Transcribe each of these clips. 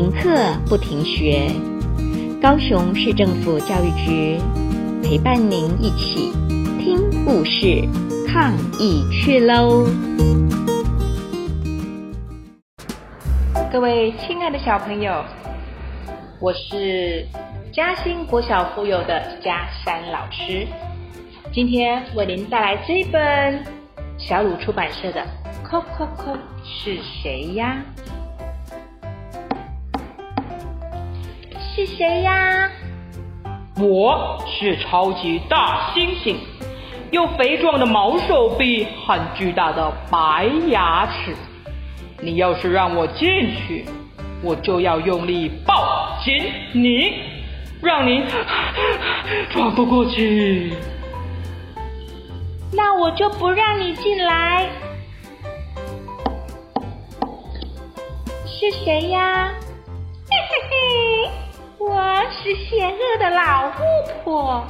停課不停學，高雄市政府教育局陪伴您一起聽故事、抗疫趣嘍！各位親愛的小朋友，我是嘉興國小附幼的佳姍老師，今天為您帶來這本小魯出版社的《叩叩叩是誰呀》。是誰呀？我是超級大猩猩，有肥壯的毛手臂，很巨大的白牙齒。你要是讓我進去，我就要用力抱緊你，讓你喘不過氣。那我就不讓你進來。是誰呀？嘿嘿嘿。我是邪惡的老巫婆，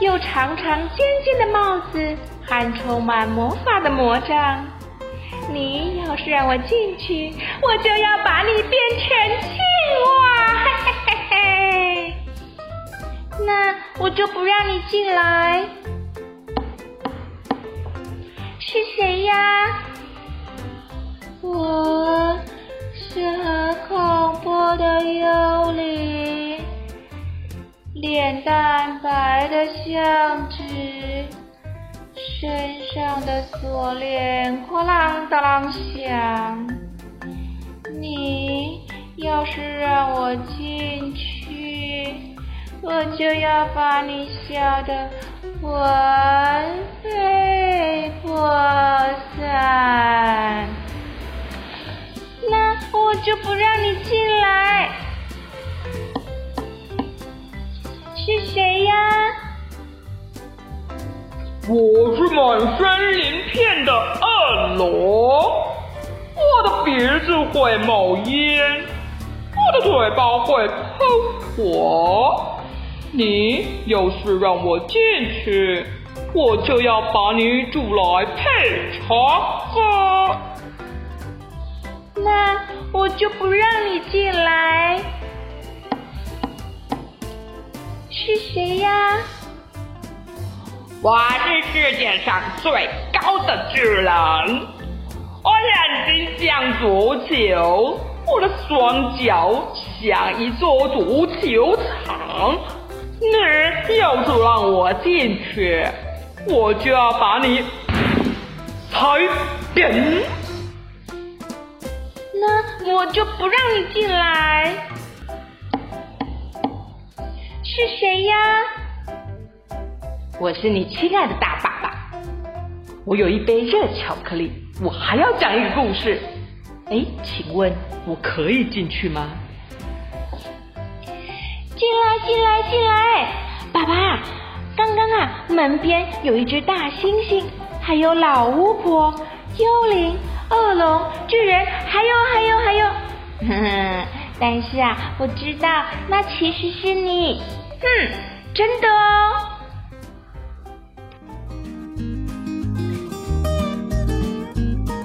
又長長尖尖的帽子，還充滿魔法的魔杖。你要是讓我進去，我就要把你變成青蛙，嘿嘿嘿嘿。那我就不讓你進來。是誰呀？我。臉蛋白的像紙，身上的鎖鏈哐啷噹啷響。你要是讓我進去，我就要把你嚇得魂飛魄散。那我就不讓你進來。我是滿身鱗片的惡龍，我的鼻子會冒煙，我的嘴巴會噴火。你要是讓我進去，我就要把你煮來配茶喝。那我就不讓你進來。是誰呀？我是世界上最高的巨人，我眼睛像足球，我的雙腳像一座足球場。你要是讓我進去，我就要把你踩扁。那我就不讓你進來。是誰呀？我是你親愛的大爸爸，我有一杯熱巧克力，我還要講一個故事。哎，請問我可以進去嗎？進來，進來，進來！爸爸，剛剛啊，門邊有一隻大猩猩，還有老巫婆、幽靈、惡龍、巨人，還有，還有，還有。哼哼，但是啊，我知道那其實是你。嗯，真的哦。